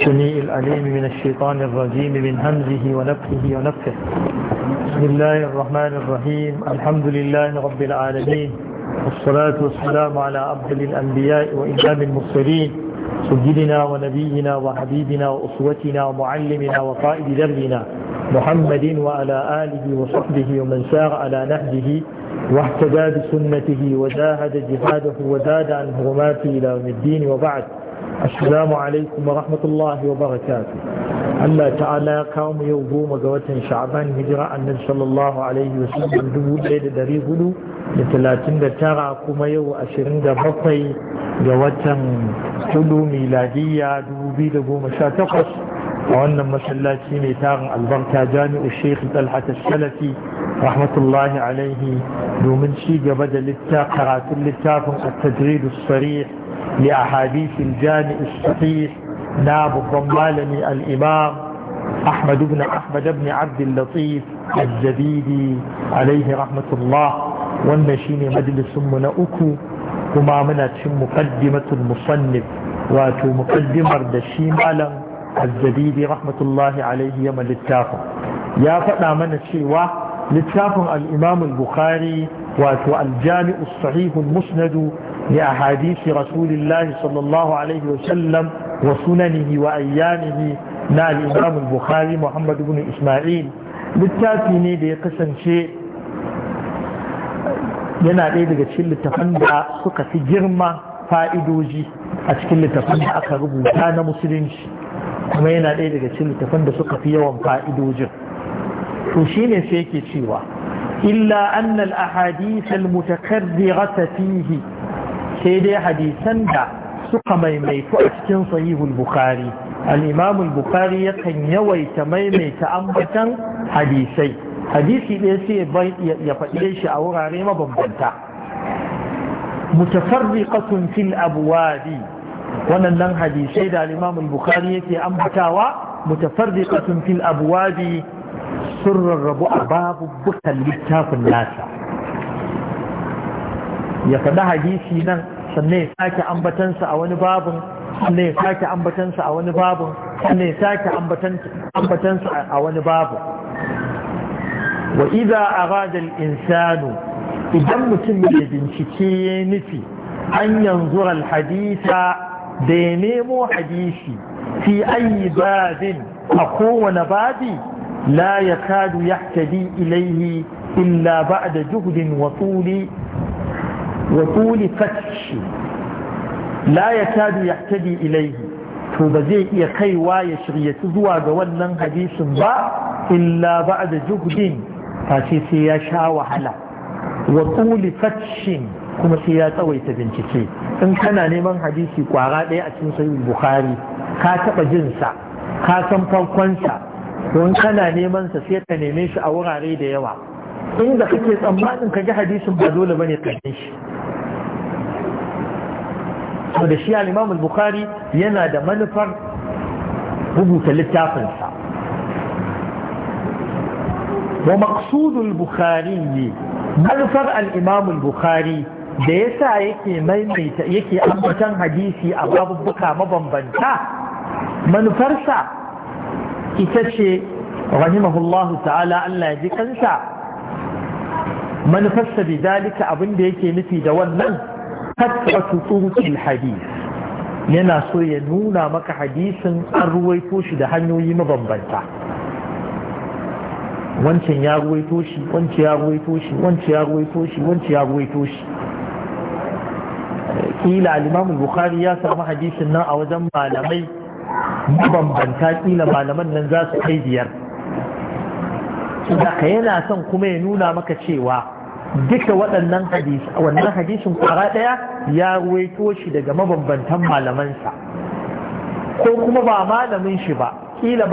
السميع العليم من الشيطان الرجيم من همزه ونفخه ونفخه بسم الله الرحمن الرحيم الحمد لله رب العالمين والصلاة والسلام على أفضل الأنبياء وإمام المرسلين سيدنا ونبينا وحبيبنا وأسوتنا ومعلمنا وقائد دربنا محمد وعلى آله وصحبه ومن سار على نهجه واهتدى بسنته وجاهد جهاده وزاد عن هرماته إلى يوم الدين وبعد Assalamu alaikum wa rahmatullahi Allah ta'ala ya kawo mu yau goma ga watan sha'ban hijira annabi sallallahu alaihi wa sallam dubu da dari hudu da talatin da tara kuma yau ashirin da bakwai ga watan hudu miladiyya dubu biyu da goma sha takwas a wannan masallaci mai taron albarka jami'u shekh talhata salafi rahmatullahi alaihi domin ci gaba da littafin karatun littafin a tajridu لأحاديث الجامع الصحيح ناب الضمالني الإمام أحمد بن أحمد بن عبد اللطيف الزبيدي عليه رحمة الله والنشين مجلس من أكو كما منت مقدمة المصنف واتو مقدمة الدشيم علم الزبيدي رحمة الله عليه يما للتافة يا فأنا من الشيوة للتافة الإمام البخاري واتو الجامع الصحيح المسند لأحاديث رسول الله صلى الله عليه وسلم وسننه وأيامه na al'imam al-bukhari muhammadu bin ismail littafi ne da ya kasance yana ɗaya daga cikin littafan da suka fi girma fa'idoji a cikin littafan da aka rubuta na musulunci kuma yana ɗaya daga cikin littafan da suka fi yawan fa'idojin to shi ne sai yake cewa illa annal ahadith al-mutakarrirata fihi sai dai hadisan da suka maimaitu a cikin sahihul bukhari al bukhari yakan yawaita maimaita ambatan hadisai hadisi ɗaya sai ya faɗe shi a wurare mabambanta mutafarriqatun fil abwabi wannan hadisai da al-imam yake ambatawa mutafarriqatun fil abwabi sun rarrabu a babu littafin nasa ya faɗi hadisi nan sannan ya sake ambatansa a wani babin sannan ya sake ambatansa a wani babin sannan ya sake ambatansa a wani babin wa iza arada insanu idan mutum ya bincike ya nufi an yanzu al da ya nemo hadisi fi ayi babin a kowane babi la kadu yahtadi ilaihi illa ba'da juhdin wa tuli وطول فتش لا يكاد يحتدي إليه فبزي يقي واي شرية زوا جوالا حديث با إلا بعد جهد فاشي سياشا وحلا وطول فتش كما سياسة ويتبنتكي إن كان نيمان حديثي قواغا دي أتن سيد البخاري كاتب جنسا كاتم فوقنسا don kana neman sa sai ka neme shi a wurare da yawa inda kake tsammanin ka ji hadisin ba dole bane ka ji shi to da shi al-imam al-bukhari yana da manufar rubuta littafinsa wa maqsudul bukhari manufar al-imam al-bukhari da yasa yake maimaita yake ambatan hadisi a babubuka mabambanta manufarsa ita ce rahimahullahu ta'ala Allah ya ji kansa manufarsa bi dalika abin da yake nufi da wannan kasratu turuqil hadith yana so ya nuna maka hadisin an ruwaito shi da hanyoyi mabambanta wancan ya ruwaito shi wancan ya ruwaito shi wancan ya ruwaito shi wancan ya ruwaito shi kila al-imam bukhari ya samu hadisin nan a wajen malamai mabambanta kila malaman nan za su kai biyar da yana son kuma ya nuna maka cewa duka waɗannan hadisi wannan hadisin kwara ɗaya ya ruwaito shi daga mabambantan malamansa ko kuma ba malamin shi ba kila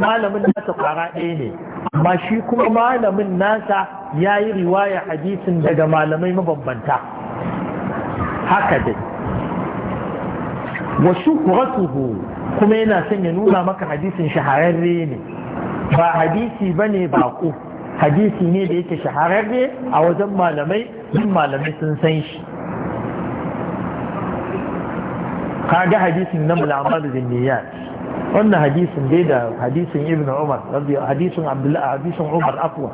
malamin nasa kwara ɗaya ne amma shi kuma malamin nasa ya yi riwaya hadisin daga malamai mabambanta haka dai wasu kuratuhu kuma yana son ya nuna maka hadisin shahararre ne ba hadisi ba ne baƙo hadisi ne da yake shahararre a wajen malamai duk malamai sun san shi kaga hadisin na mulamar zinniyat wannan hadisin dai da hadisin ibn umar hadisin abdullahi hadisin umar afwa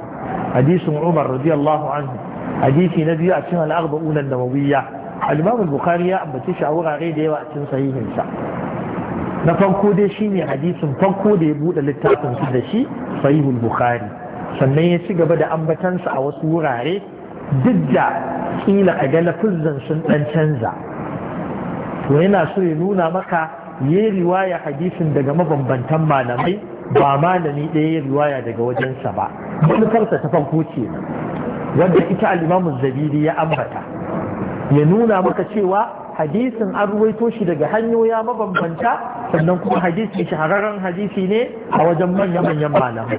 hadisin umar radiyallahu anhu hadisi na biyu a cikin al'arba'un an-nawawiyya al-imam al-bukhari ya ambace shi a wurare da yawa a cikin sahihinsa na farko dai shine hadisin farko da ya bude littafin su da shi sahihul bukhari sannan ya ci gaba da ambatansa a wasu wurare duk da kila a ga lafuzan sun dan canza to yana so ya nuna maka yi riwaya hadisin daga mabambantan malamai ba malami ɗaya ya riwaya daga wajensa ba manufarsa ta farko ce wanda ita alimamun zabiri ya ambata ya nuna maka cewa hadisin an ruwaito shi daga hanyoya mabambanta sannan kuma hadisi shahararren hadisi ne a wajen manya-manyan malamai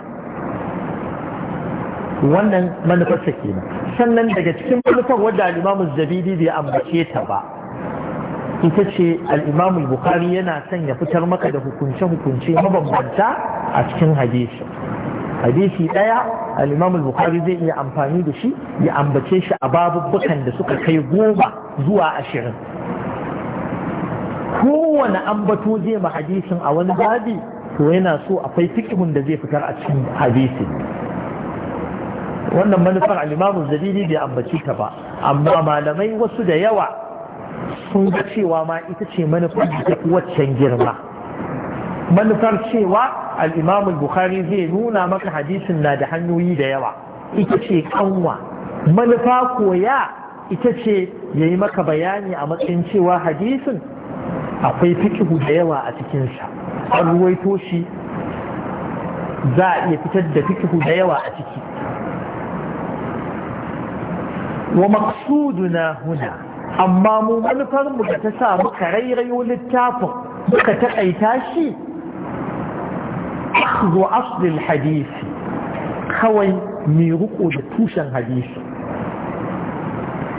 wannan manufarsa nan, sannan daga cikin manufar wadda al'imamu zabidi bai ambace ta ba ita ce al'imamu bukari yana son ya fitar maka da hukunce-hukunce mabambanta a cikin hadisi hadisi ɗaya al'imamu bukari zai iya amfani da shi ya ambace shi a babubbukan da suka kai goma zuwa ashirin kowane ambato zai ma hadisin a wani babi to yana so akwai fikihun da zai fitar a cikin hadisi wannan manufar alimamun zabiri bai ambaci ta ba amma malamai wasu da yawa sun ga cewa ma ita ce manufar da waccan girma manufar cewa al'imamun bukhari zai nuna maka hadisin na da hanyoyi da yawa ita ce kanwa manufa koya ita ce ya yi maka bayani a matsayin cewa hadisin akwai fikihu da yawa a cikinsa an ruwaito shi za a iya fitar da fikihu da yawa a ciki wa maksuduna huna amma mu manufarmu mu da ta sa muka rairayo littafin muka taƙaita shi akhdhu asl al kawai mi ruko da tushen hadisi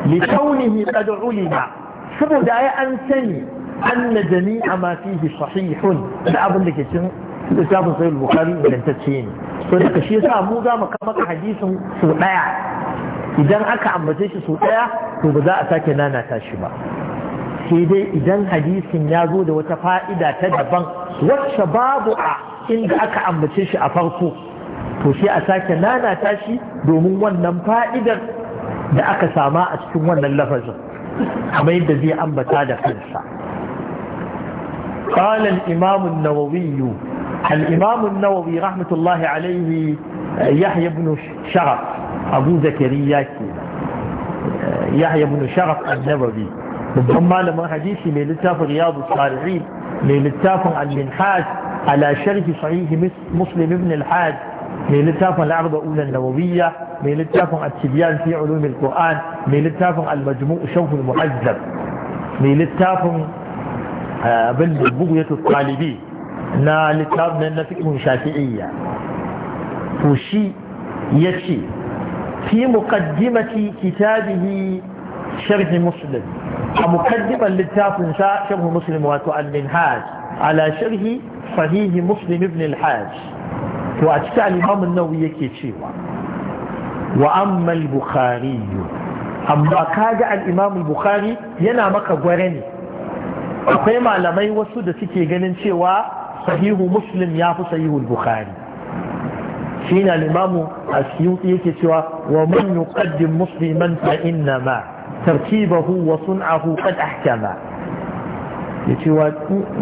li kaunihi qad ulima saboda ai an sani anna jami'a ma fihi sahih da abin da ke cikin littafin sahih al bukhari ne to da shi yasa mu ga maka hadisin su daya idan aka ambace shi sau ɗaya to ba za a sake nanata shi ba sai dai idan hadisin ya zo da wata fa'ida ta daban wacce babu a inda aka ambace shi a farko to sai a sake nanata shi domin wannan fa'idar da aka sama a cikin wannan lafazin kamar yadda zai ambata da kansa قال الإمام النووي الإمام النووي رحمة الله عليه يحيى بن شرف أبو زكريا يحيى بن شرف النبوي ربما لما حديثي من لتاف رياض الصالحين من لتاف عن منحاج على شرف صحيح مسلم بن الحاج من لتاف الارض أولى النووية من لتاف التبيان في علوم القرآن من لتاف المجموع شوف المعذب من لتاف آه، بغيه الطالبي نا لتاف من نفئه شافعية فشي يشي في مقدمة كتابه شرح مسلم مقدما للتاف شرح مسلم واتو المنهاج على شرح صحيح مسلم ابن الحاج وأتكى الإمام النووي كيشيوا وأما البخاري أما كاجع الإمام البخاري ينا مكا غورني akwai malamai wasu da suke ganin cewa sahihu muslim ya fi sahihu bukhari shi limamin limamu a siyuti yake cewa wa man yuqaddim musliman fa inna ma tartibahu wa sun'ahu qad ahkama ya cewa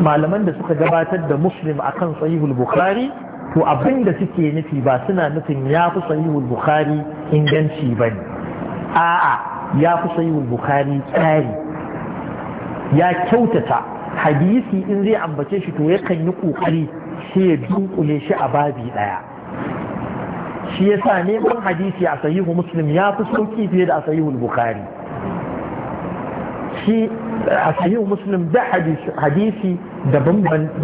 malaman da suka gabatar da muslim akan sahihul bukhari to abin da suke nufi ba suna nufin ya fi sahihul bukhari inganci ba ne a'a ya fi sahihul bukhari tsari ya kyautata hadisi in zai ambace shi to yakan yi kokari sai ya dunkule shi a babi daya shi sa neman hadisi a sahihu muslim ya fi sauki fiye da a sahihu bukhari shi a sahihu muslim da hadisi da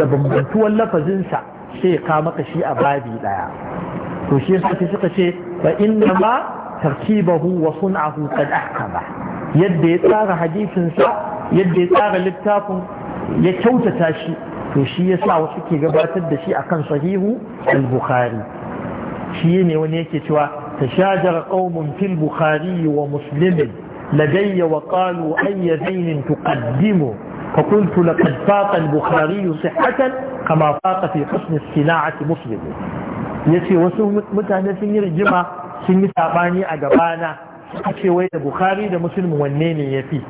bambantuwar lafazinsa sai ya kama ka shi a babi daya to shi yasa sai suka ce ba inna ma tarkibahu wa sun'ahu qad ahkama yadda ya tsara hadisinsa, yadda ya tsara littafin ya kyautata shi to shi yasa wasu ke gabatar da shi akan sahihu al-bukhari shi ne wani yake cewa shajar qaumun fil bukhari wa musulmin ladayya wa qalu ayya zainin tuqaddimu فقلت bukhari فاق البخاري صحة كما فاق في حسن الصناعة مسلم yace wasu mutane sun yi rigima sun yi saɓani a gabana suka ce wai da bukhari da muslim wanne ne ya fi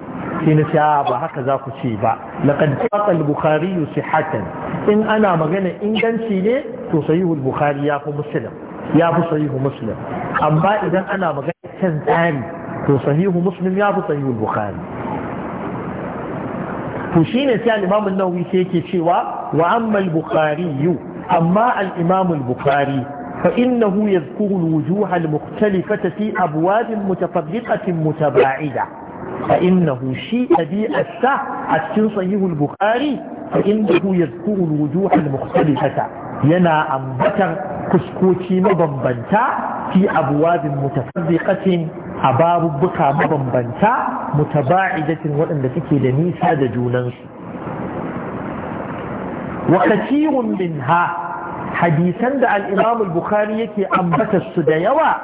sai na ce ba haka za ku ce ba laqad faqa al-bukhari sihatan in ana magana inganci ne to sahihul bukhari ya fi muslim ya fi sahihu muslim amma idan ana magana kan tsari to sahihu muslim ya fi sahihu bukhari to shine sai al-imam an-nawawi sai yake cewa wa amma al-bukhari amma al-imam al-bukhari فإنه يذكر الوجوه المختلفة في أبواب متفرقة متباعدة فإنه شيء أبي السه أتن صحيح البخاري فإنه يذكر الوجوه المختلفة yana ambatan fuskoki mabambanta fi abuwabin mutafarriqatin a babubbuka mabambanta mutaba'idatin waɗanda suke da nisa da junansu wa kathirun minha hadisan da al-Imam al-Bukhari yake ambata su da yawa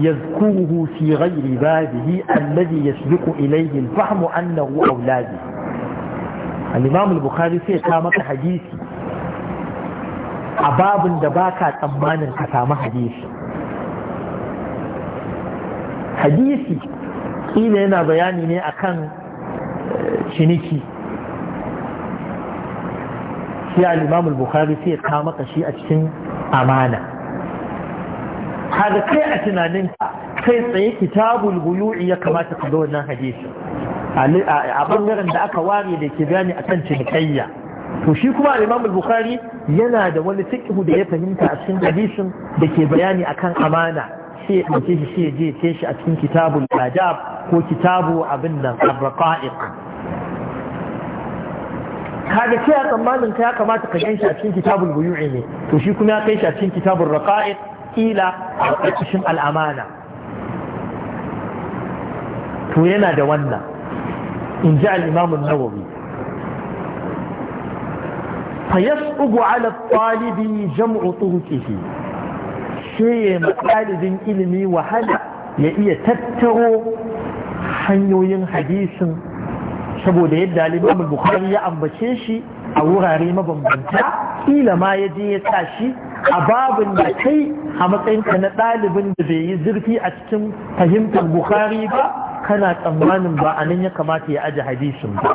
yazkuruhu fi ghairi babihi alladhi yasbiqu ilayhi al-fahmu annahu awladi al-Imam al-Bukhari sai ka maka hadisi a babin da baka tsammanin ka samu hadisi hadisi ina yana bayani ne akan eh, ciniki sai al-imam al-bukhari sai ka maka shi a cikin amana har kai a tunanin kai tsaye kitabul buyu'i ya kamata ka ga wannan hadisi a bangaren da aka ware da ke bayani akan cinikayya to shi kuma al-imam al-bukhari yana da wani fiqh da ya fahimta a cikin hadisin da ke bayani akan amana sai ya dauke shi sai ya je ya shi a cikin kitabul adab ko kitabu abin nan ar-raqa'iq kaga sai a tsammanin ka ya kamata ka ganshi a cikin kitabul buyu'i ne to shi kuma ya kai shi a cikin kitabul raqa'iq kila a cikin al-amana to yana da wannan in ji al-imam an-nawawi فيصعب على الطالب جمع طرقه شيء ilimi wahala ya iya tattaro hanyoyin hadisin saboda yadda alimam bukhari ya ambace shi a wurare mabambanta ƙila ma ya je ya sa shi a babin da kai a matsayinka na ɗalibin da bai yi zurfi a cikin fahimtar bukhari ba kana tsammanin ba a nan ya kamata ya ajiye hadisin ba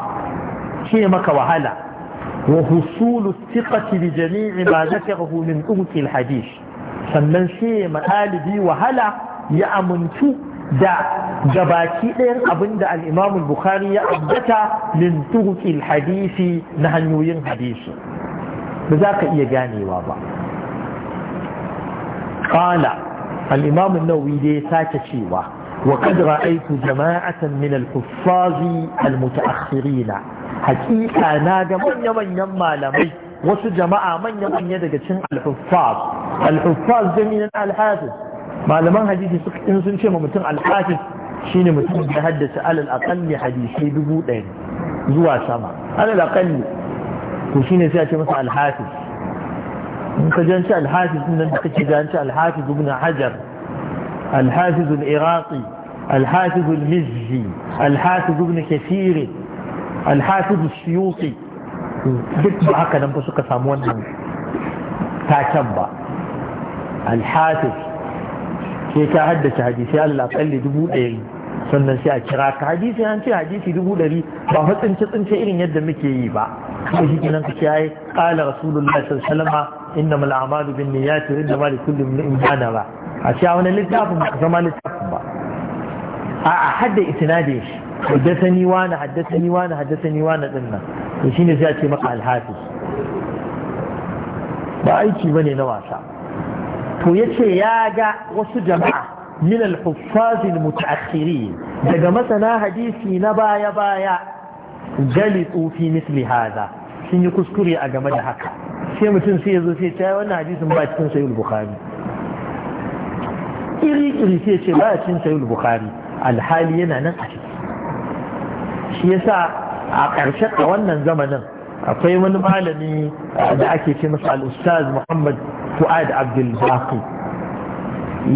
ce maka wahala وحصول الثقة بجميع ما ذكره من أمك الحديث سنن شيء ما قال بي وهلا يأمنتو دا جباكي دير أبند الإمام البخاري يأبدتا من تغك الحديث نحن يوين حديث بذلك إيجاني وابا قال الإمام النووي دي ساكشيوا وقد رأيت جماعة من الحفاظ المتأخرين hakika na ga manya-manyan malamai wasu jama'a manya-manya daga cin alhuffaz alhuffaz jami'in alhafiz malaman hadisi suka in sun ce ma mutum alhafiz shine mutum da haddasa alal aqalli hadisi dubu ɗaya zuwa sama alal aqalli to shine sai a ce masa alhafiz in ka janci alhafiz nan da kake janci alhafiz ibn hajar alhafiz al-iraqi alhafiz al-mizzi alhafiz ibn kathir alhafizu suyuti duk ba haka nan ba suka samu wannan taken ba alhafiz sai ka haddace hadisi allah kalli dubu ɗaya sannan sai a kira ka hadisi an ce hadisi dubu ɗari ba fa tsince tsince irin yadda muke yi ba kuma shi kenan ka kiyaye qala rasulullahi sallallahu alaihi wasallam innamal a'malu binniyati wa innamal likulli imrin ma nawa a cewa wani littafin ba zama littafin ba a hadda isnadin shi haddasani wani haddasani wani haddasani wani din nan to shine sai a ce maka alhafi ba aiki ba ne na wasa to ya ce ya ga wasu jama'a min al-huffaz al daga masana hadisi na baya baya galitu fi misli hadha sun yi kuskure a game da haka sai mutum sai ya zo sai ta wannan hadisin ba cikin sahih bukhari iri iri sai ce ba cikin sahih bukhari alhali yana nan a ciki shi yasa a ƙarshe a wannan zamanin akwai wani malami da ake ce masa al-ustaz Muhammad Fuad Abdul Baqi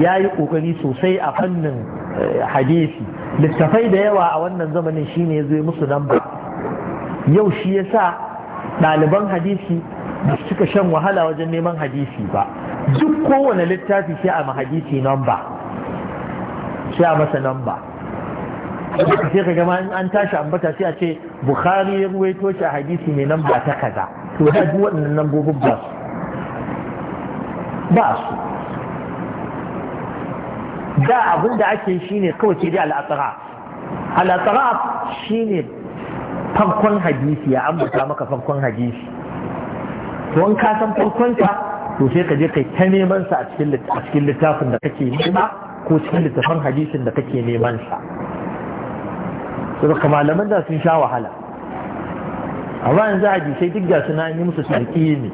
ya yi ƙoƙari sosai a fannin eh, hadisi littafai da yawa a wannan zamanin shine ya zo musu nan ba yau shi yasa ɗaliban hadisi ba su cika shan wahala wajen neman hadisi ba duk kowane littafi sai a hadisi nan ba sai a masa nan ba sai ka gama in an tashi ambata sai a ce bukhari ya ruwaito shi a hadisi mai nan ba ta kaza to da duk waɗannan lambobin ba su ba su da abin da ake shi ne kawai ce dai al'asara al'asara shi ne farkon hadisi ya ambata maka farkon hadisi to in ka san farkonsa to sai ka je kai ta neman sa a cikin littafin da kake nema ko cikin littafin hadisin da kake neman sa saboda malaman da sun sha wahala a ji sai duk ga suna yi musu tarki ne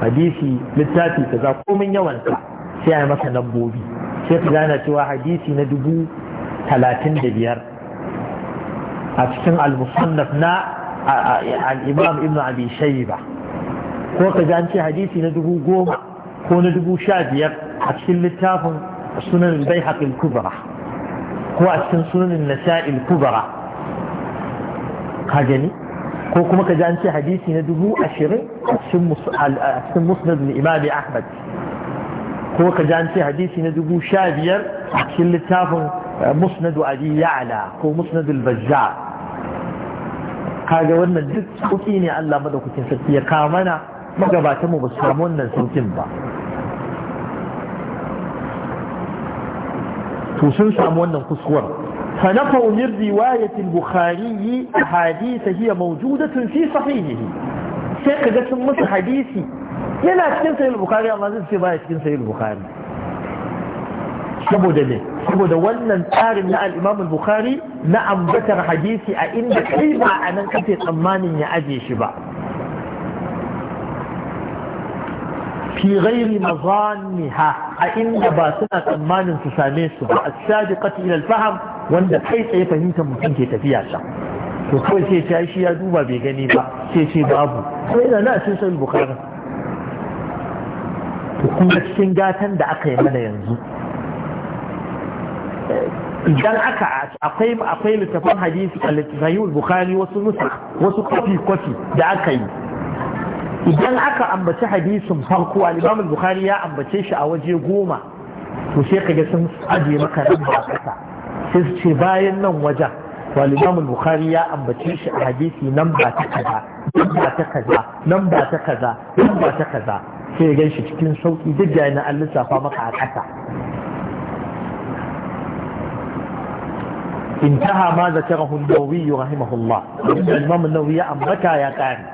hadisi littafi kaza komin yawansa sai a yi masa nabobi. sai ka gane cewa hadisi na dubu talatin da biyar a cikin al-musannaf na al-imam ibn abi shayba ko ka ga ce hadisi na dubu goma ko na dubu sha biyar a cikin littafin sunan bai haƙil kubra ko a cikin sunan nasa'il kubra ka ko kuma ka ji an ce hadisi na dubu ashirin a cikin musnad imami ahmad ko ka ji an ce hadisi na dubu sha biyar a cikin littafin musnad ali ya'la ko musnad al bazza kaga wannan duk sauki ne Allah madaukakin sarki ya kawo mana magabatan mu ba su samu wannan saukin ba to sun samu wannan kuskuwar فنفوا من رواية البخاري أحاديث هي موجودة في صحيحه شيء قدس مش حديثي إيه لا كن سيد البخاري الله عزيز في بايت كن سيد البخاري سبو دلي سبو دولنا نتار من الإمام البخاري نعم بكر حديثي أئن كيف أنا كنت أمان يا أجي شبا في غير مظانها أئن باسنا أمان تساميسه الصادقة إلى الفهم wanda kai tsaye fahimtar mutum ke tafiya can to kawai sai ta shi ya duba bai gani ba sai ce babu sai yana na cin sai bukari to kuma cikin gatan da aka yi mana yanzu idan aka akwai akwai littafin hadisi a littafin bukari wasu nusa wasu kofi kofi da aka yi idan aka ambaci hadisin farko al-imam al-bukhari ya ambace shi a waje goma to sai kaga sun ajiye maka rabba kasa sai su ce bayan nan wajen walimamu bukhari ya ambace shi a hadisi nan ba ta kaza nan ba ta kaza nan ba ta kaza nan ba ta kaza sai gan shi cikin sauki duk da yana an lissafa maka a ƙasa intaha ma zakarahu an-nawawi rahimahullah imam an ya ambata ya kare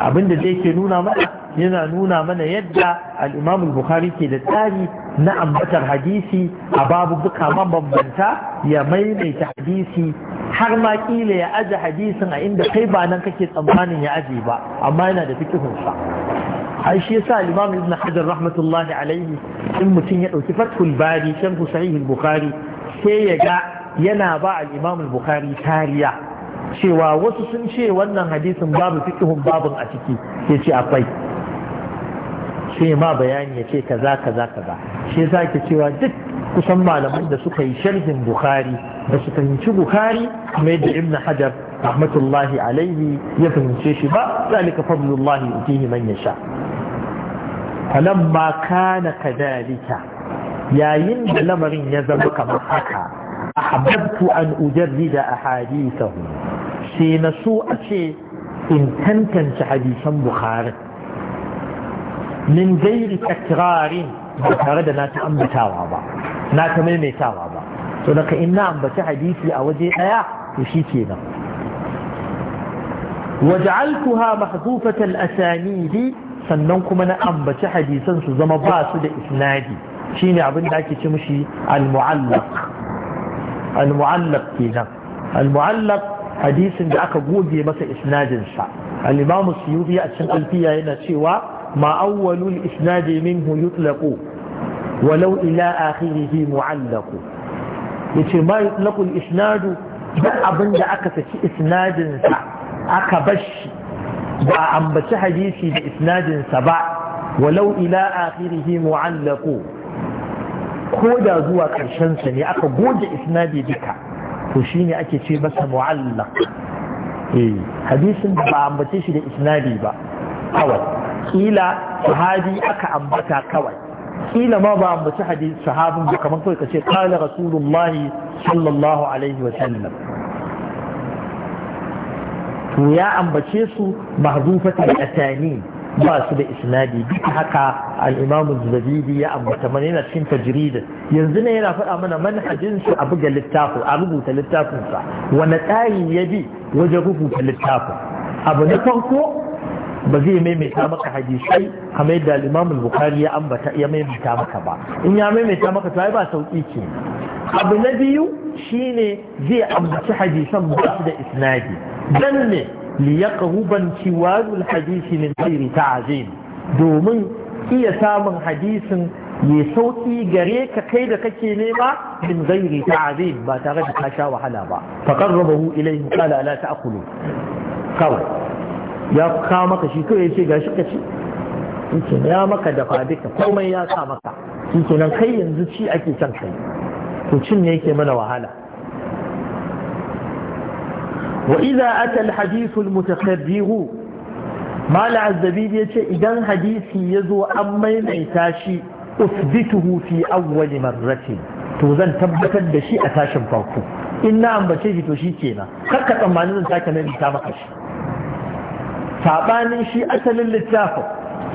abinda da yake nuna mana yana nuna mana yadda al bukhari ke da tsari na ambatar hadisi a babu buka mabambanta ya maimaita hadisi har ma kila ya aje hadisin a inda kai ba nan kake tsammanin ya aje ba amma yana da fikihunsa ai shi yasa al-Imam Ibn Hajar rahmatullahi alaihi in mutum ya dauki Fathul Bari shan Sahih al-Bukhari sai ya ga yana ba al-Imam al-Bukhari kariya cewa wasu sun ce wannan hadisin babu fikihun babun a ciki yace akwai sai ma bayani ya ce kaza kaza kaza shi yasa ke cewa duk kusan malaman da suka yi sharhin bukhari ba su fahimci bukhari kuma yadda ibn hajar rahmatullahi alaihi ya fahimce shi ba zalika fadlullahi yutihi man yasha falamma kana kadalika yayin da lamarin ya zama kamar haka ahabbtu an ujarrida ahadithahu sai na so a ce in tantance hadisan bukhari min gairi ba tare da na ta ambatawa ba na ta maimaitawa ba to daga in na ambaci hadisi a waje daya to shi kenan waj'altuha mahdhufatan asanidi sannan kuma na ambaci hadisan su zama ba su da isnadi shine abin da ake ce mishi al-mu'allaq al-mu'allaq kenan al-mu'allaq hadisin da aka goge masa isnadin sa al-imam suyubi a cikin alfiya yana cewa ما أول الإسناد منه يطلق ولو إلى آخره معلق يتي ما يطلق الإسناد أبن دا أكسك إسناد أكبش وأنبش حديثي بإسناد سبع ولو إلى آخره معلق كودا زوا كرشان سني أكا جوج إسنادي بك وشيني أكي تي بس معلق إيه حديث بأنبتش لإسنادي بقى kawai kila sahabi aka ambata kawai kila ma ba ambaci hadisi sahabin ba kamar kawai kace qala rasulullahi sallallahu alaihi wa sallam to ya ambace su mahzufatul atani ba su da isnadi duk haka al-imam zabidi ya ambata mana yana cikin tajrid yanzu ne yana faɗa mana manhajin su a buga littafin a rubuta littafin sa wani tsari ya bi wajen rubuta littafin abu na farko ba zai maimaita maka hadisai kamar yadda Imam Bukhari ya ambata ya maimaita maka ba in ya maimaita maka to ai ba sauki ce. abu na biyu shine zai ambaci hadisan ba da isnadi dan ne li yaqruban tiwazul hadisi min ghairi ta'zim domin iya samun hadisin ya sauki gare ka kai da kake nema min ghairi ta'zim ba tare da ka sha wahala ba faqarrabahu ilayhi qala la ta'kulu kawai ya kawo maka shi kawai ya ce gashi ka ci shi ya maka dafa duka komai ya sa maka shi kenan kai yanzu ci ake can kai to cin ne yake mana wahala wa idza ata al hadith al mutakarrir mal azzabi yace idan hadisi yazo an maimaita shi usbituhu fi awwal marratin to zan tabbatar da shi a tashin farko in na ambace shi to shi kenan kakka tsammanin zan sake maimaita maka shi saɓanin shi asalin littafin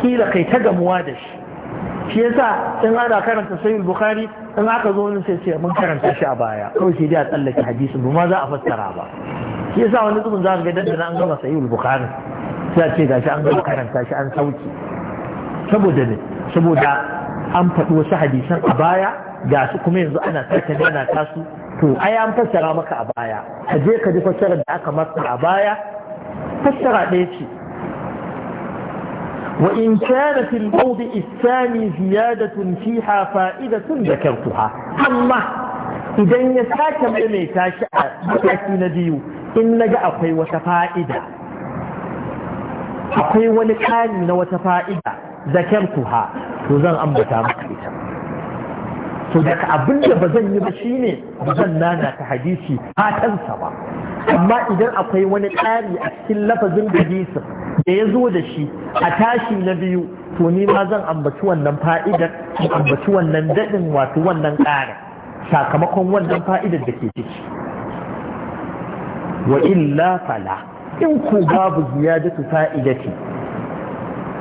kila kai ta gamuwa da shi shi yasa in ana karanta sahih bukari in aka zo wani sai sai mun karanta shi a baya kawai sai dai a tsallake hadisi ba ma za a fassara ba shi yasa wani zubin za ka ga dandana an gama sahih bukari. sai a ce gashi an gama karanta shi an sauki saboda ne saboda an faɗi wasu hadisan a baya ga su kuma yanzu ana sake nana ta su to ai an fassara maka a baya ka je ka ji fassarar da aka maka a baya fassara ɗaya ce وإن كان في الموضع الثاني زيادة فيها فائدة ذكرتها أما إذا يساك ملي تاشع بأكي نديو إن نجا أخي وتفائدة أخي ولكاني وتفائدة ذكرتها وزن أمبتا مكبتا to daga abin da ba zan yi ba shine ba zan nana ta hadisi fatansa ba amma idan akwai wani ƙari a cikin lafazin hadisin da ya zo da shi a tashi na biyu to ni ma zan ambaci wannan fa'idar in ambaci wannan daɗin wato wannan ƙara, sakamakon wannan fa'idar da ke ciki wa illa fala in ku babu ziyadatu fa'idati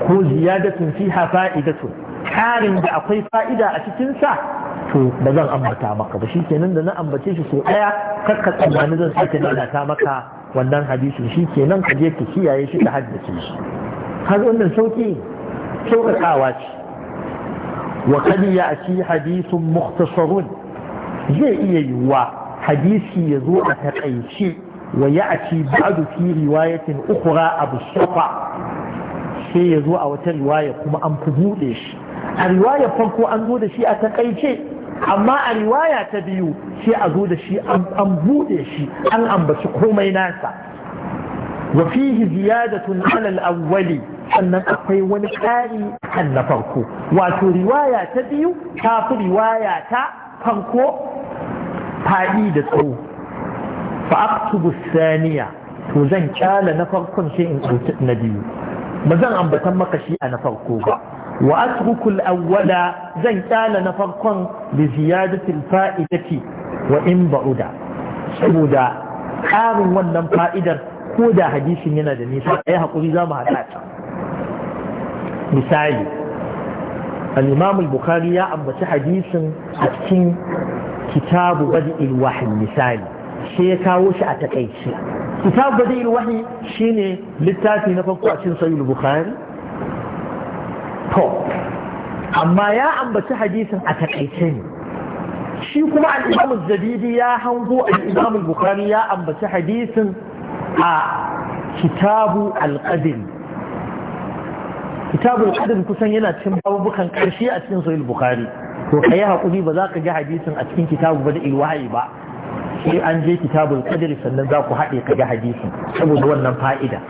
ko ziyadatun fiha fa'idatu ƙarin da akwai fa'ida a cikinsa to da zan ambata maka ba shi kenan da na ambace shi sau ɗaya kakka tsammani zan sake lalata maka wannan hadisin shi kenan ka je ka kiyaye shi da haddace shi har wannan sauki sauƙaƙawa ce wa ya ci hadisun mukhtasarun zai iya yiwuwa hadisi ya zo a taƙaice wa ya ci ba'du fi riwayatin ukhra abu shafa sai ya zo a wata riwaya kuma an fi buɗe shi a riwayar farko an zo da shi a taƙaice amma a riwaya ta biyu sai a zo da shi an buɗe shi an ambaci komai nasa wa fihi ziyadatun alal awwali sannan akwai wani ƙari kan na farko wato riwaya ta biyu ta fi riwaya ta farko faɗi da tsawo fa aktubu saniya to zan kyala na farkon sai in na biyu ba zan ambatan maka shi a na farko ba wa atrukul awwala zan kyala na farkon bi ziyadatil fa'idati wa in ba'uda saboda karin wannan fa'idar ko da hadisin yana da nisa ai hakuri za mu haɗa ta misali al-imam al-bukhari ya ambaci hadisin a cikin kitabu bad'il wahyi misali sai ya kawo shi a takaice kitabu bad'il wahyi shine littafi na farko a cikin sahih al-bukhari to amma ya ambaci hadisin a takaice ne shi kuma al'imamu zabidi ya hango al'imamu bukari ya ambaci hadisin a kitabu Al-Qadir. kitabu Al-Qadir kusan yana cikin babubukan ƙarshe a cikin sahih bukari to kai hakuri ba za ka ga hadisin a cikin kitabu ba da ilwahi ba sai an je Al-Qadir sannan za ku haɗe ka ga hadisin saboda wannan fa'ida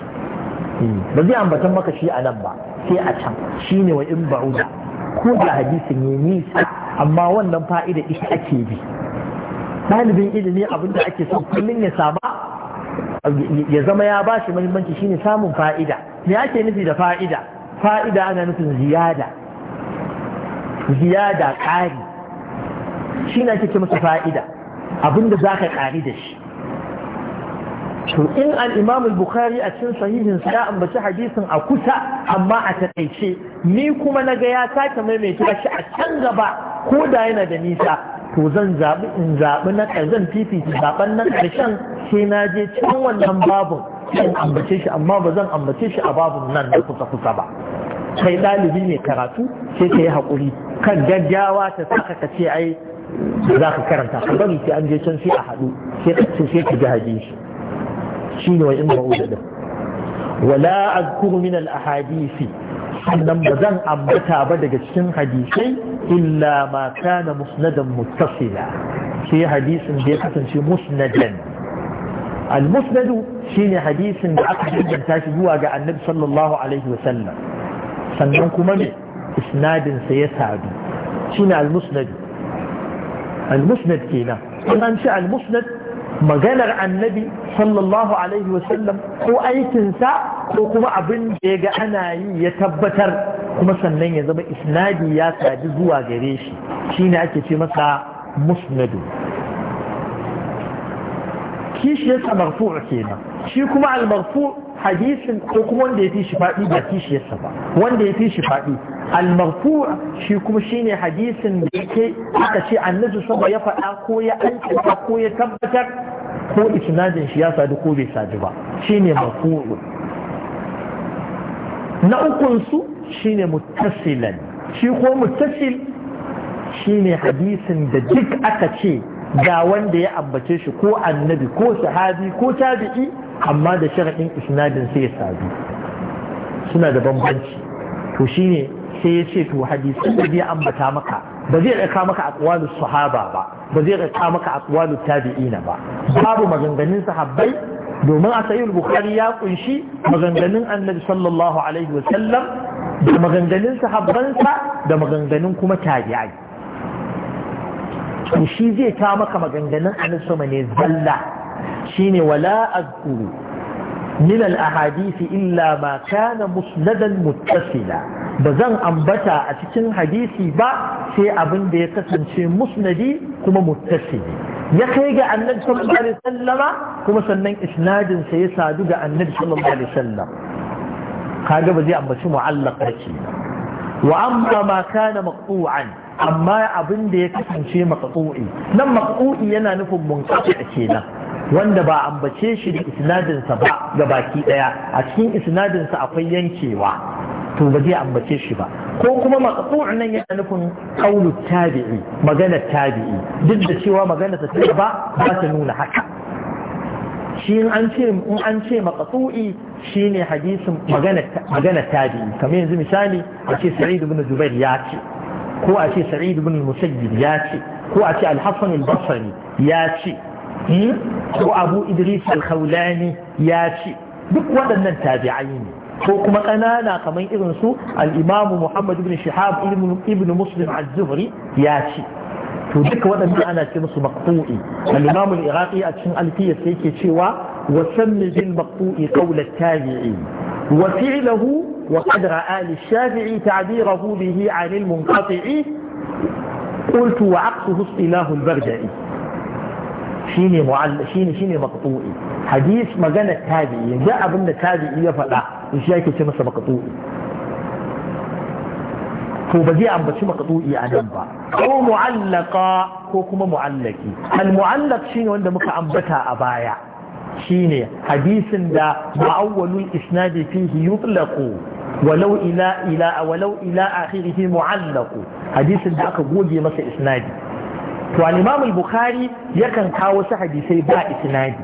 hmm. ba zai ambatan maka shi a nan ba sai a can shine wa in ba'uda ko da hadisin ya nisa amma wannan fa'ida ita ake bi ɗalibin ilimi abin da ake son kullum ya ya zama ya ba shi muhimmanci shine samun fa'ida me ake nufi da fa'ida fa'ida ana nufin ziyada ziyada ƙari shi ake ce masa fa'ida abin da za ka ƙari da shi to in al-imam bukhari a cikin sahihin sa ya ambaci hadisin a kusa amma a takaice ni kuma naga ya sake maimaita shi a can gaba ko da yana da nisa to zan zaɓi in zaɓi na zan fifita zaɓen na ƙarshen sai na je can wannan babun in ambace shi amma ba zan ambace shi a babun nan na kusa kusa ba kai ɗalibi ne karatu sai ka yi haƙuri kan gaggawa ta saka ka ce ai za ka karanta ka bari sai an je can sai a haɗu sai ka ce sai ka ji hadisi shine wa ma'uda din wala azkuru min al ahadisi sannan ba zan ambata ba daga cikin hadisai illa ma kana musnadan muttasila sai hadisin da ya kasance musnadan al musnadu shine hadisin da aka danganta shi zuwa ga annabi sallallahu alaihi wasallam sannan kuma ne isnadin ya sadu shine al musnad al musnad kenan in an ci al musnad maganar annabi sallallahu alaihi wasallam ko aikinsa ko kuma abin da ya ga ana yi ya tabbatar kuma sannan ya zama isnadi ya sadi zuwa gare shi shine ake ce masa musnadu kishi yasa marfu' kenan shi kuma al-marfu' hadisin ko kuma wanda ya fi shi faɗi ba kishiyarsa ba wanda ya fi shi faɗi almarfu shi kuma shine hadisin da yake aka ce annabi saba ya faɗa ko ya alƙata ko ya tabbatar ko isnadin shi ya sadu ko bai sadu ba shine marfu na ukun su shine muttasilan shi ko muttasil shine hadisin da duk aka ce ga wanda ya ambace shi ko annabi ko sahabi ko tabi'i amma da sharaɗin isnadin sai ya sabi suna da bambanci to shine sai ya ce to hadisi da zai ambata maka ba zai rika maka aqwalu sahaba ba ba zai rika maka aqwalu tabi'ina ba babu maganganun sahabbai domin a sayi bukhari ya kunshi maganganun annabi sallallahu alaihi da maganganun sahabbansa da maganganun kuma tabi'ai to shi zai ta maka maganganun annabi ne zalla shine wala azkuru min al ahadisi illa ma kana musnadan muttasila bazan ambata a cikin hadisi ba sai abin da ya kasance musnadi kuma muttasili ya kai ga annabi sallallahu alaihi wasallama kuma sannan isnadin sa ya sadu ga annabi sallallahu alaihi wasallam kaga ba zai ambaci mu'allaq ba wa amma ma kana maqtu'an amma abin da ya kasance maqtu'i nan maqtu'i yana nufin munqati kenan wanda ba ambace shi da isnadin sa ba ga baki daya a cikin isnadin sa akwai yankewa to ba zai ambace shi ba ko kuma maqtu'un nan yana nufin qawlu tabi'i maganar tabi'i duk da cewa maganar ta ba ba ta nuna haka shi an ce in an ce maqtu'i shine hadisin magana magana tabi'i kamar yanzu misali a ce Sa'id ibn Zubair ya ce ko a ce Sa'id ibn Musayyib ya ce ko a ce Al-Hasan al-Basri ya ce hmm? ko Abu Idris al-Khawlani ya ce duk waɗannan tabi'ai ne ko kuma ƙanana kamar irin su al-Imam Muhammad ibn Shihab ibn Muslim az-Zuhri ya ce to duk wadannan ana ce musu maqtu'i al-imam al-iraqi a cikin alfiya sai yake cewa wa sammi bil maqtu'i qawl at-tabi'i wa fi'luhu wa qad ra'a al-shafi'i ta'birahu bihi 'an al-munqati'i qultu wa ilahu قلت وعقده اصطلاح البرجعي shine maqtu'i hadith magana tabi'i حديث abinda tabi'i ya fada shi yake ce يكتب maqtu'i to ba zai ambaci maqdu'i a nan ba ko mu'allaqa ko kuma mu'allaki al mu'allaq shine wanda muka ambata a baya shine hadisin da ma'awwalul isnadi fihi yutlaqu walau ila ila walau ila akhirihi mu'allaq hadisin da aka goge masa isnadi to al imam al bukhari yakan kawo su hadisai ba isnadi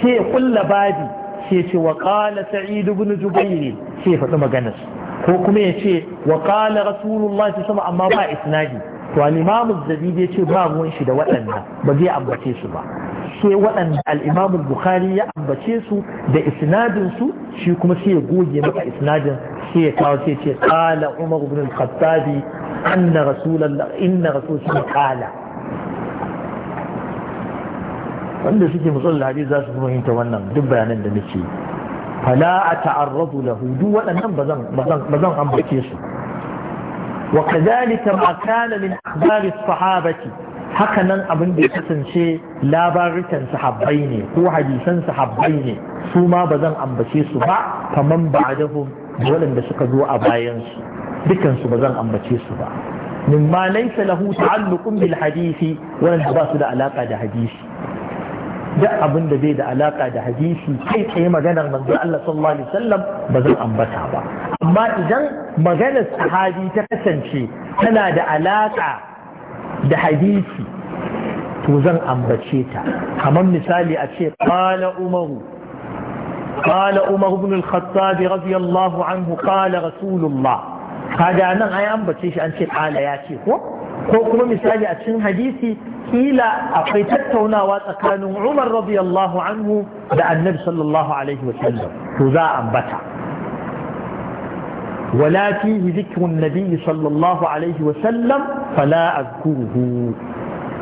sai ya babi sai ce wa qala sa'id ibn jubair sai faɗi maganar ko kuma ya ce wa qala rasulullahi sallallahu sama amma ba isnadi to al-imam az-zabidi yace ba ruwan shi da waɗannan ba zai ambace su ba sai waɗanda al-imam bukhari ya ambace su da isnadin su shi kuma sai ya goge maka isnadin sai ya kawo sai ce qala umar ibn al-khattab anna rasulullah inna rasulullah qala wanda suke musalli hadisi za su fahimta wannan duk bayanan da nake yi fala a ta'arradu lahu waɗannan ba zan ambace su wa kazalika ma kana min akhbari sahabati haka nan abin da ya kasance labarikan sahabbai ne ko hadisan sahabbai ne su ma ba zan ambace su ba kaman ba'dahum waɗanda suka zo a bayansu su dukan su ba zan ambace su ba mimma laysa lahu ta'alluqun bil hadisi waɗanda ba su da alaka da hadisi duk abin da bai da alaƙa da hadisi kai tsaye maganar manzo Allah sallallahu alaihi wasallam ba zan ambata ba amma idan maganar sahabi ta kasance tana da alaƙa da hadisi to zan ambace ta kamar misali a ce qala umaru qala umar ibn al-khattab radiyallahu anhu qala rasulullah kaga nan ai ambace shi an ce qala ya ce ko ko kuma misali a cikin hadisi kila akwai tattaunawa tsakanin Umar radiyallahu anhu da Annabi sallallahu alaihi wa sallam to za a ambata wala fihi dhikru an sallallahu alaihi wa sallam fala azkuruhu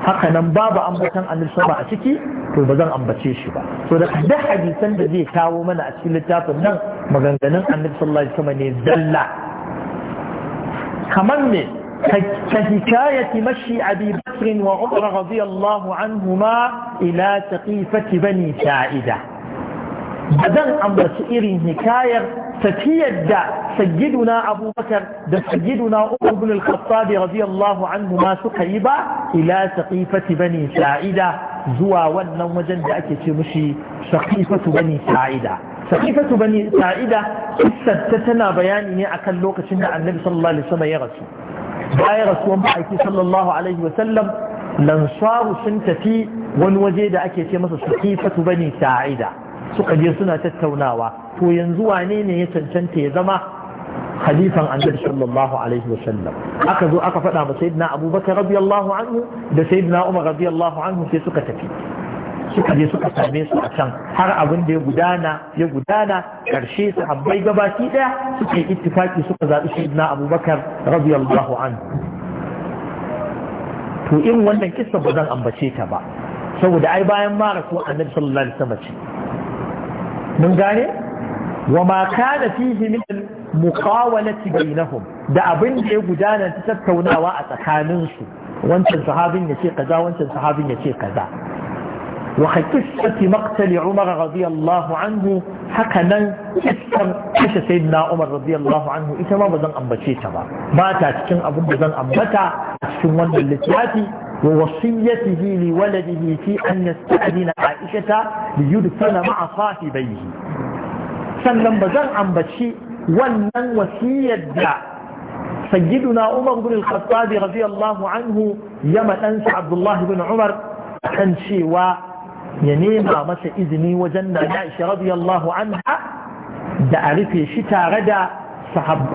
haka nan babu ambatan Annabi sallallahu a ciki to ba zan ambace shi ba to da duk hadisan da zai kawo mana a cikin littafin nan maganganun Annabi sallallahu alaihi wa sallam ne zalla. kamar ne كحكاية مشي أبي بكر وعمر رضي الله عنهما إلى تقيفة بني سائدة بدن أمر هكاية حكاية فتيد سيدنا أبو بكر ده سيدنا عمر بن الخطاب رضي الله عنهما سقيبا إلى سقيفة بني سائدة زوا والنوم جند ده أكي مشي سقيفة بني سائدة سقيفة بني سائدة قصة تتنا بياني أكل لوكة عن النبي صلى الله عليه وسلم يغسل bayan rasuwan ma'aiki sallallahu alaihi wasallam lansaru sun tafi wani waje da ake ce masa sukifatu bani sa'ida suka je suna tattaunawa to yanzu wane ne ya cancanta ya zama khalifan annabi sallallahu alaihi wasallam aka zo aka faɗa ma sayyidina abubakar radiyallahu anhu da sayyidina umar radiyallahu anhu sai suka tafi suka je suka same su a can har abin da ya gudana ya gudana karshe su habbai gabaki daya suka yi ittifaki suka zaɓi na abubakar radiyallahu an to in wannan kisa ba zan ambace ta ba saboda ai bayan mara rasu annabi sallallahu alaihi wasallam ce mun gane wa ma kana fihi min muqawalati bainahum da abin da ya gudana ta tattaunawa a tsakanin su wancan sahabin ya ce kaza wancan sahabin ya ce kaza waxay ku shirti Umar cumar radi allahu canhu haka nan iskan isa sayidina cumar radi ita ma ba zan ambace ta ba ba ta cikin abin zan ambata a cikin wannan littafi wa wasiyyatihi li waladihi fi an yasta'dina aishata li yudfana ma'a sahibaihi sannan ba zan ambaci wannan wasiyar da sayyiduna umar bin al-khattab radiyallahu anhu yama dan sa abdullah bin umar kan cewa ya nema masa izini wajen da ya ishi radiyallahu anha da a rufe shi tare da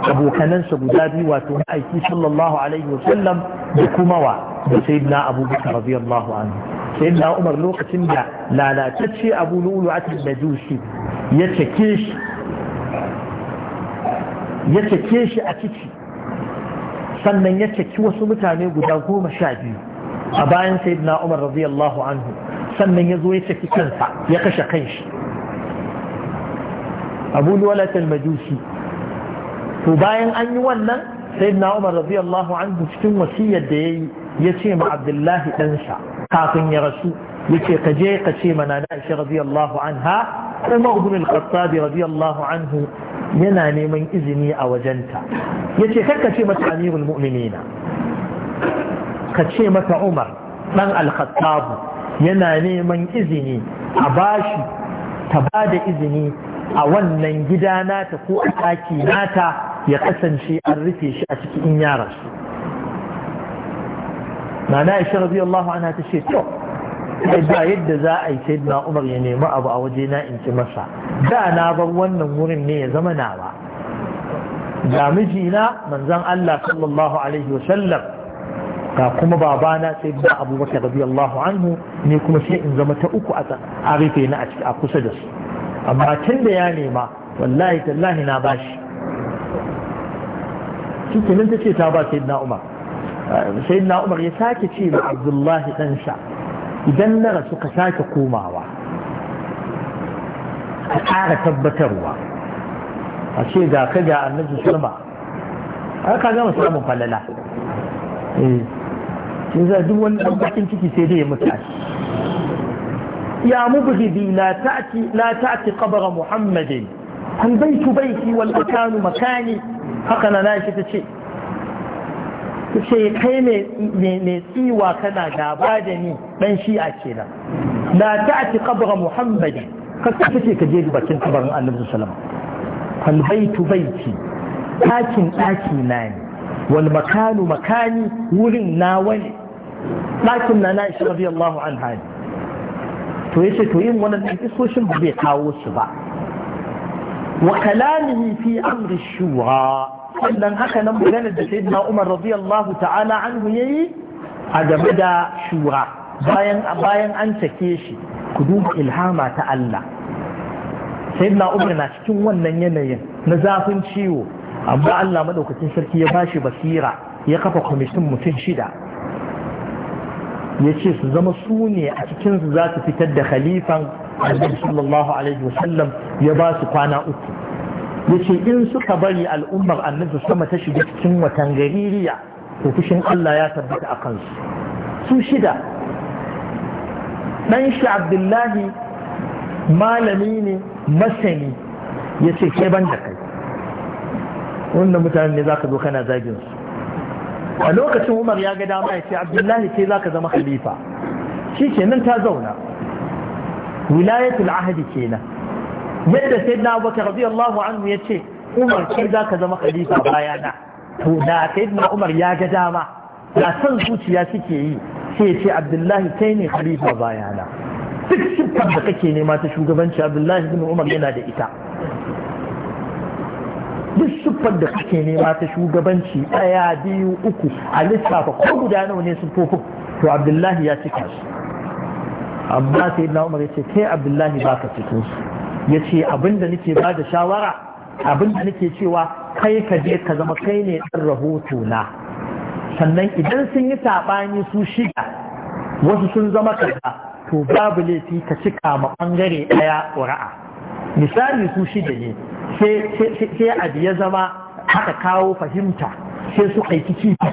abokanansa guda biyu wato na aiki sallallahu alaihi wa sallam. da kuma wa da sai sayyidina abu bakar radiyallahu anhu na umar lokacin da lalatacce abu lu'lu'atul majusi ya cike shi ya cike shi a ciki sannan ya ciki wasu mutane guda goma sha biyu a bayan na umar radiyallahu anhu sannan ya zo ya saki kansa ya kashe kanshi abu luwalat al to bayan an yi wannan na umar radiyallahu anhu cikin wasiyar da yayi ya ce ma abdullahi ɗansa kafin ya rasu ya ce ka je ka ce mana na aisha radiyallahu anha kuma ibn al-khattabi radiyallahu anhu yana neman izini a wajenta ya ce ka ce mata amirul mu'minina ka ce mata umar dan al-khattab yana neman izini a bashi ta ba da izini a wannan gida nata ko a ɗaki nata ya kasance an rufe shi a cikin yaran su na na ishe radiyallahu ana ta ce to ba yadda za a yi sai na umar ya nemi abu a waje na in ci masa da na bar wannan wurin ne ya zama nawa ga mijina manzon Allah sallallahu alaihi sallam. ga kuma babana sai da abubakar radiyallahu anhu ne kuma sai in zama ta uku a rufe na a kusa da su amma tun da ya nema wallahi tallahi na bashi shi kenan ta ce ta ba sai na umar sai na umar ya sake ce ma abdullahi ɗansa idan na rasu ka sake komawa ka ƙara tabbatarwa a ce ga ka ga annabi sulma har ka gama samun falala eh. yanzu duk wani ɗan bakin ciki sai dai ya mutu a ya mubghidi la ta'ti la ta'ti qabra muhammadin hal baytu bayti wal makanu makani haka na nashi tace tace kai ne ne tsiwa kana gaba da ni dan shi'a kenan la ta'ti qabra muhammadin ka tace ka je bakin kabarin annabi sallallahu alaihi wasallam hal baytu bayti ɗakin ɗaki na ne wal makanu makani wurin na wani. ɗakin na na ishe radiyallahu an hali to ya ce to yin wannan isoshin ba kawo su ba wa kalamihi fi amri shura sannan haka nan maganar da sayyidina umar radiyallahu ta'ala anhu yayi a game da shura bayan bayan an cake shi ku duba ilhama ta Allah sayyidina umar na cikin wannan yanayin na zafin ciwo amma Allah madaukakin sarki ya bashi basira ya kafa kwamitin mutum shida ya ce su zama su ne a cikinsu za su fitar da khalifan annabi sallallahu alaihi wasallam ya ba su kwana uku ya ce in suka bari al'ummar annabi sama ta shiga cikin watan gaririya to fushin Allah ya tabbata a kansu su shida dan shi abdullahi malami ne masani ya ce ke ban da kai wannan mutane ne za ka zo kana zagin su a lokacin umar ya ga dama ya ce abdullahi sai za ka zama khalifa shi kenan ta zauna wilayatul ahadi kenan yadda sai na baka rabi Allahu anhu ya ce umar kai za ka zama khalifa bayana to da sai na umar ya ga dama da san zuciya suke yi sai ya ce abdullahi kai ne khalifa bayana duk siffar da kake nema ta shugabanci abdullahi bin umar yana da ita duk siffar da kake nema ta shugabanci ɗaya biyu uku a lissafa ko guda nawa ne siffofin to abdullahi ya cika su amma sai na umar ya ce kai abdullahi ba ka cikin su ya ce abinda nake ba da shawara abinda nake cewa kai ka je ka zama kai ne ɗan rahoto na sannan idan sun yi saɓani su shiga wasu sun zama kaza to babu laifi ka cika ma ɓangare ɗaya ƙura'a misali su shida ne sai abu ya zama aka kawo fahimta sai su aiki cika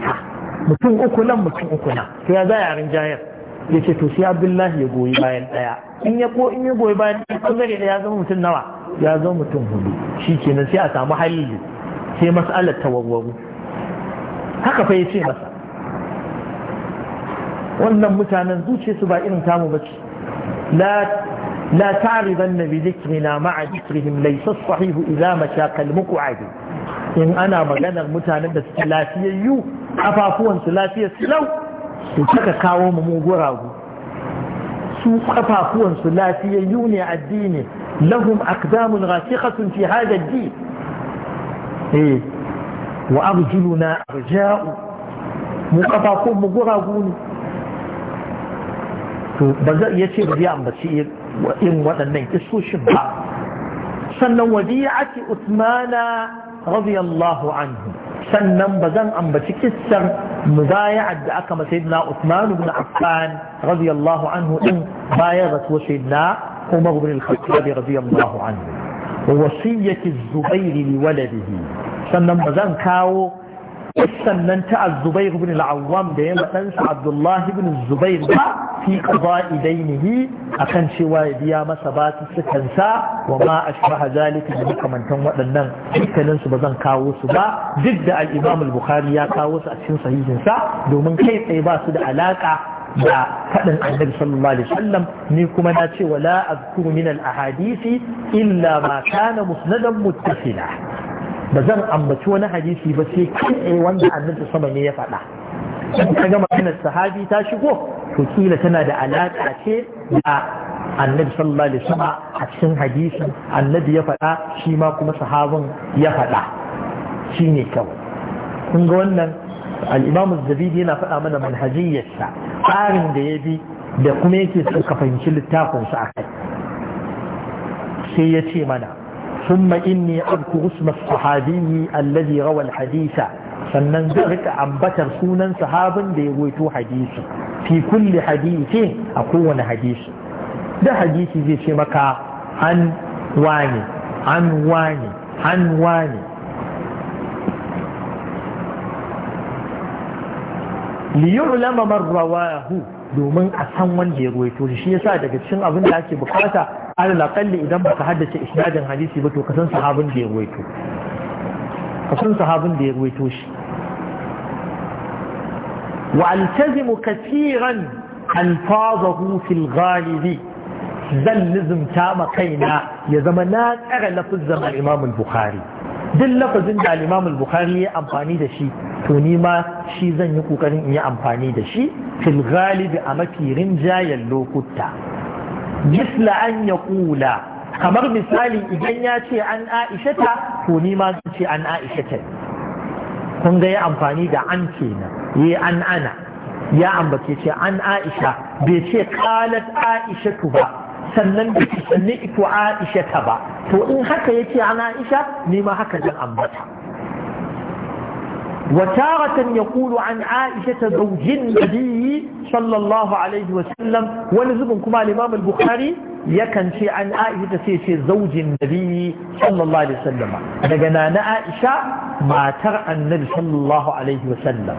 mutum uku nan mutum uku nan to ya za a jayar ya ce to sai abdullahi ya goyi bayan daya in ya ko in ya goyi bayan daya bangare da ya zama mutum nawa ya zama mutum hudu shikenan sai a samu halili sai mas'alar tawarwaru haka fa ya ce masa wannan mutanen zuce su ba irin tamu ba ce la لا تعرضن بذكرنا مع ذكرهم ليس الصحيح إذا مشاق المقعد إن أنا مغانا متانا بسلاسية يو أفافوا سلاسية سلو وشكا كاوم موغراو سو أفافوا سلاسية يوني الدين لهم أقدام راسخة في هذا الدين إيه وأرجلنا أرجاء مو مغراو ne to ba zai iya ce in waɗannan kisoshin ba sannan wadi'ati usmana radiyallahu anhu sannan ba zan ambaci kissar muzayi'ar da aka masai na usman ibn affan radiyallahu anhu din bayan rasuwa sayyidina umar ibn al-khattab radiyallahu anhu wasiyati az li waladihi sannan ba zan kawo sannan ta az-zubair ibn al-awwam da ya dan sa abdullah ibn zubair ba fi qada'i dainihi akan cewa ya biya masa ba su kansa wa ma ashbaha zalika da makamantan waɗannan dukkanin su bazan kawo su ba duk da al-imam al-bukhari ya kawo su a cikin sahihin sa domin kai tsaye ba su da alaka da faɗin annabi sallallahu alaihi wasallam ni kuma na ce wala azkuru min al ahadisi illa ma kana musnadan muttasila ba zan ambaci wani hadisi ba sai kai wanda annabi sama ne ya faɗa in ka ga maganar sahabi ta shigo to kila tana da alaƙa ce da annabi sallallahu alaihi wasallam a cikin hadisi, annabi ya faɗa shi ma kuma sahabin ya faɗa ne kawai kun ga wannan al-imam az-zabidi yana faɗa mana manhajiyyarsa tsarin da ya bi da kuma yake son ka fahimci littafin sa akai sai ya ce mana ثم إني أذكر اسم الصحابي الذي روى الحديث sannan zai rika ambatar sunan sahabin da ya waito hadisi fi kulli hadisi a kowane hadisi da hadisi zai ce maka an wani an wani an wani man rawahu domin a san wanda ya ruwaito shi yasa daga cikin abin da ake bukata alal aqalli idan baka haddace isnadin hadisi ba to ka san sahabin da ya ruwaito ka san sahabin da ya ruwaito shi wa altazimu katiran alfazahu fil ghalibi zan nizumta ma kaina ya zama na tsara lafazin al-Imam al-Bukhari duk lafazin da al-Imam al-Bukhari ya amfani da shi to ni ma shi zan yi kokarin in yi amfani da shi fil galibi a mafi rinjayen lokuta misla an ya kula kamar misali idan ya ce an aishata to ni ma zan ce an aishata kun ga ya amfani da an kenan yi an ana ya ambace ce an aisha bai ce kalat aishatu ba sannan da sannan Aisha aishata ba to in haka ya ce an aisha ni ma haka zan ambata وتارة يقول عن عائشة زوج النبي صلى الله عليه وسلم ونزبن كما الإمام البخاري يكن شيء عن عائشة شيء شيء زوج النبي صلى الله عليه وسلم لقنا عائشة ما ترى النبي صلى الله عليه وسلم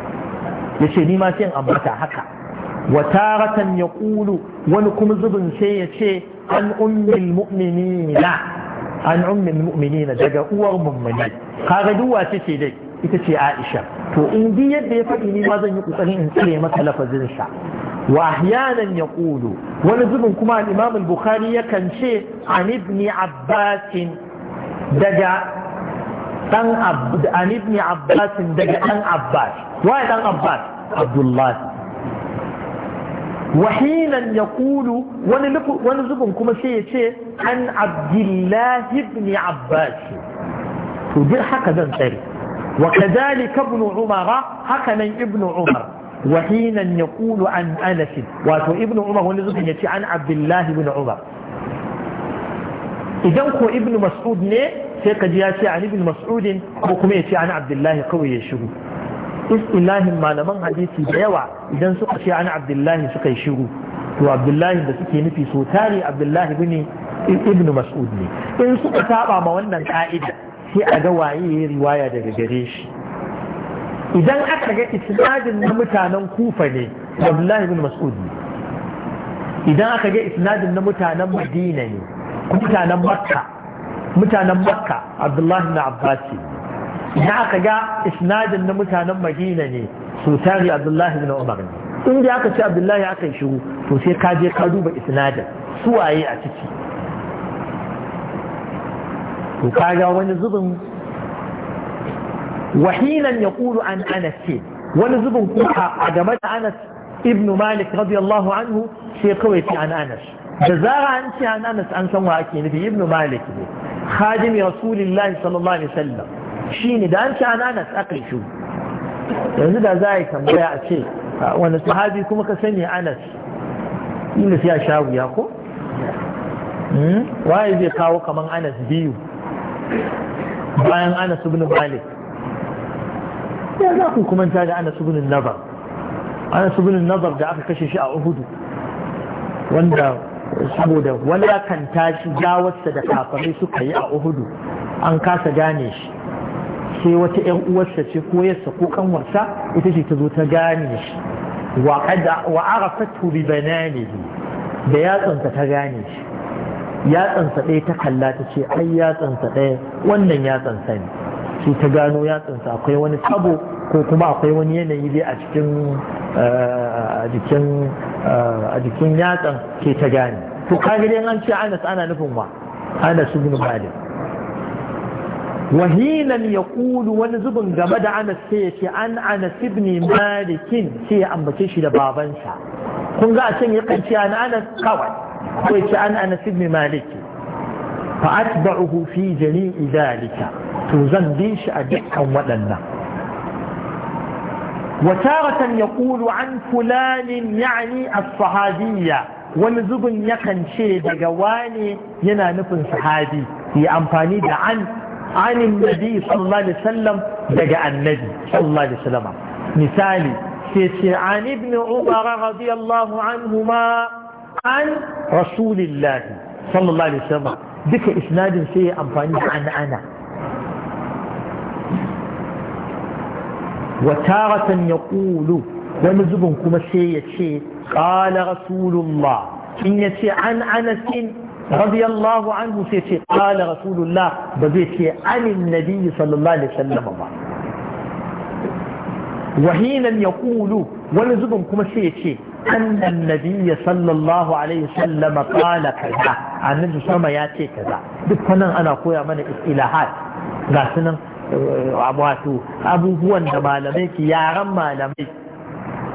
يشي نما سين أمتا حكا وتارة يقول ونكم زبن شيء شيء عن أم المؤمنين عن أم المؤمنين دقا أور مؤمنين هذا دوا شيء دي ita ce Aisha to in bi yadda ya faɗi ni ma zan yi kokarin in tsare masa lafazin sa wa ahyanan yaqulu wani zubin kuma al-Imam al-Bukhari yakan ce an ibn Abbas daga dan an ibn Abbas daga dan Abbas wa dan Abbas Abdullah wahinan yaqulu wani wani zubin kuma sai ya ce an Abdullah ibn Abbas to haka zan tsare وكذلك ابن عمر هكذا ابن عمر وحينا يقول عن أنس واتو ابن عمر ونزل يتي عن عبد الله بن عمر إذا هو ابن مسعود نه سيقد ياتي عن ابن مسعود وكما يتي عن عبد الله قوي يشغل istilahin malaman hadisi da yawa idan suka ce an abdullahi suka yi shiru to abdullahi da suke nufi so tare abdullahi ne ibn mas'ud ne in suka saba ma wannan ƙa'ida. sai a ga waye ya riwaya daga gare shi idan aka ga isnadin na mutanen kufa ne abdullahi bin mas'ud idan aka ga isnadin na mutanen madina ne mutanen makka mutanen makka abdullahi bin Abbas, idan aka ga isnadin na mutanen madina ne su tari abdullahi bin umar ne in da aka ce abdullahi aka yi shiru to sai ka je ka duba isnadin su waye a ciki to kaga wani zubin wahinan ya kulu an anas ce wani zubin kuma a game da anas ibn malik radiyallahu anhu sai kawai ce an anas da zara an ce an anas an san wa ake nufi ibn malik ne khadimi rasulillahi sallallahu alaihi wasallam shine da an ce an anas aka shi yanzu da za a yi tambaya a ce wani sahabi kuma ka sani anas ila sai a sha wuya ko hmm? waye zai kawo kaman anas biyu bayan ana subnin malik ya za ku kumanta da ana subnin nazar ana subnin nazar da aka kashe shi a uhudu wanda saboda walakanta shi gawarsa da kafarai suka yi a uhudu an kasa gane shi sai wata 'yan uwarsa ce ko yarsa ko kanwarsa ita ce ta zo ta gane shi wa arafatu bi bananihi da yatsunta ta gane shi yatsansa ɗaya ta kalla ta ce ai tsansa ɗaya wannan ya tsansa ne sai ta gano ya tsansa akwai wani tabo ko kuma akwai wani yanayi dai a cikin eh, eh, a jikin yatsan ke ta gane to kaga dai an ce anas ana nufin wa anas ibn malik wahinan ya kulu wani zubin gaba da anas sai ya ce an anas ibn malikin sai ya ambace shi da babansa kun ga a can ya kan ce an anas kawai ko yace an anas ibn malik fa atba'uhu fi jami'i dhalika to zan bi shi a dukkan waɗannan وتارة يقول عن فلان يعني الصحابية ونزب يكن شيء دقواني ينانف صحابي في أمفاني عن عن النبي صلى الله عليه وسلم دقى النبي صلى الله عليه وسلم مثالي عن ابن عمر رضي الله عنهما an rasulillah sallallahu alaihi wasallam duka isnadin sai ya amfani da an ana wa taratan yaqulu wani zubin kuma sai ya ce qala in ya ce an anasin radiyallahu anhu sai ce qala rasulullah ba zai ce anin nabi sallallahu alaihi wasallam ba wahinan yaqulu wani zubin kuma sai yace. أن النبي صلى الله عليه وسلم قال كذا عن النبي صلى الله عليه وسلم كذا بفنا أنا أقول من إلهات لكن wato abubuwan da malamai ke yaran malamai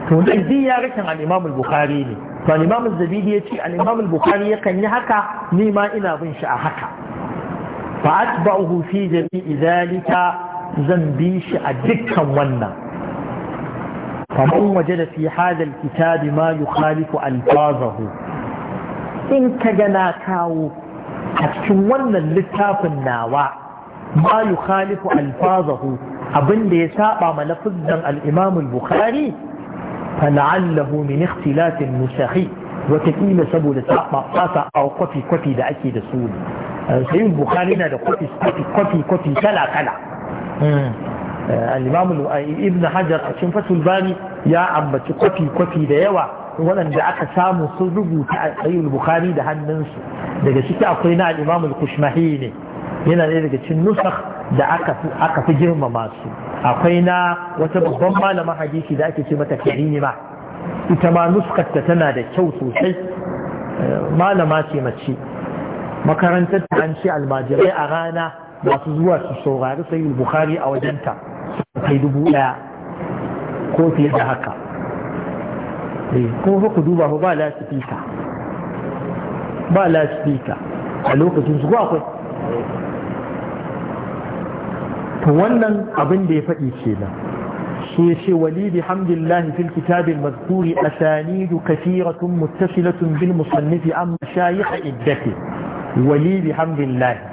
to dai zai yaran al-Imam bukhari ne to al-Imam al-Zabidi yace al-Imam al-Bukhari yakan yi haka ni ma ina bin shi a haka fa atba'uhu fi zan bi shi a dukkan wannan فمن وجد في هذا الكتاب ما يخالف ألفاظه إن كجنا كاو أتشون اللتاف الناوى ما يخالف ألفاظه أبن ليساء ما لفظا الإمام البخاري فلعله من اختلاف النسخ وتكيل سبو لساء ما أو قفي قفي دا أكيد سولي سيد البخاري دا قفي قفي قفي قفي كلا كلا al ibn hajar a cikin fatul ya ambaci kwafi kwafi da yawa waɗanda aka samu sun rubuta a da hannunsu daga ciki akwai na al-imam kushmahi ne yana ne daga cikin nusakh da aka fi girmama su akwai na wata babban malama hadisi da ake ce mata karima ita ma nuskarta tana da kyau sosai malama ce mace makarantar ta an ce almajirai a rana masu zuwa su saurari sayin bukhari a wajenta su kai dubu daya ko fiye da haka eh, kuma ku duba ba lasifika ba lasifika a lokacin su akwai to wannan abin da ya faɗi ke nan shi ce wali bi hamdillahi fil kitabin mazkuri asanidu kafiratun muttasilatun bil musannifi amma shayikha iddati wali bi hamdillahi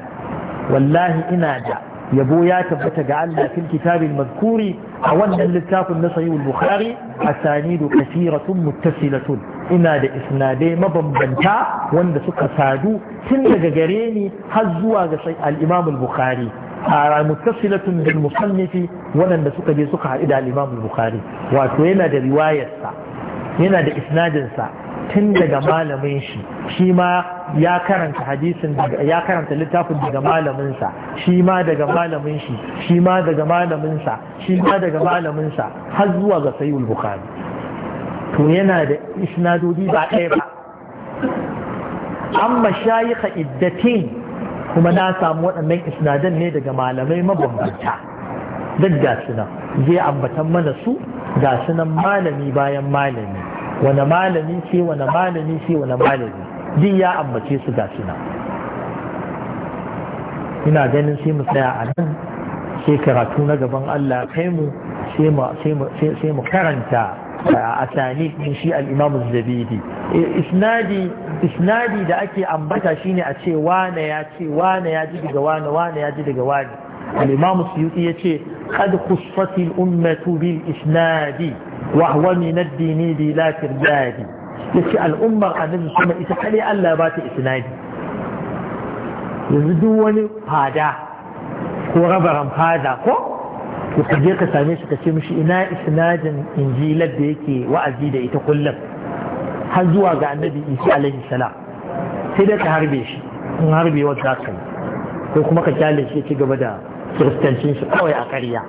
wallahi ina da yabo ya tabbata ga Allah fil kitabin mazkuri a wannan littafin na sahihul bukhari asanidu kasiratun muttasilatun ina da isnadai mabambanta wanda suka sadu tun daga gare ni har zuwa ga al-imam al-bukhari muttasilatun bil musannifi wanda suka je suka haɗu da al-imam al-bukhari wato yana da riwayarsa yana da isnadinsa tun daga malamin shi shi ma ya karanta hadisin ya karanta littafin daga malaminsa shi ma daga malamin shi shi ma daga malaminsa shi ma daga malaminsa har zuwa ga sayyul bukhari to yana da isnadodi ba ɗaya ba amma shayikha iddatin kuma na samu waɗannan isnadan ne daga malamai mabambanta duk ga sunan zai ambatan mana su ga sunan malami bayan malami wani malami ce wani malami ce wani malami duk ya ambace su ga suna ina ganin sai mu tsaya a nan sai karatu na gaban Allah kai mu sai mu karanta a asani din shi al-Imam Zabidi eh, isnadi isnadi da ake ambata shine a ce wane ya ce wane ya ji daga wane wane ya ji daga wane al-Imam Suyuti yace qad khussat al-ummatu bil isnadi وهو من الدين بلا ترداد يسي الأمة النبي صلى الله عليه وسلم ألا بات إسنادي يزدون هذا هو ربرم هذا هو je ka same shi ka ce mishi ina isnadin injilar da yake wa'azi da ita kullum har zuwa ga annabi isa alaihi salam sai da ka harbe shi in harbe wata kai ko kuma ka kyale shi ya ci gaba da kiristancin shi kawai a karya.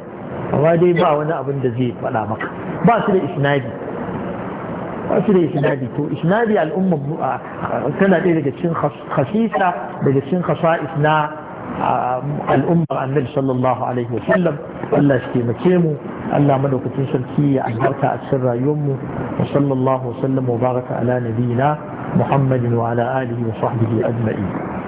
amma dai ba wani abin da zai faɗa maka ba su da isnadi ba su da isnadi to isnadi al'umma tana ɗaya daga cikin khasisa daga cikin khasa'is na al'ummar annabi sallallahu alaihi wa sallam Allah shi taimake mu Allah madaukakin sarki ya albarka a cikin rayuwarmu wa sallallahu wa sallam wa baraka ala nabiyina Muhammadin wa ala alihi wa sahbihi ajma'in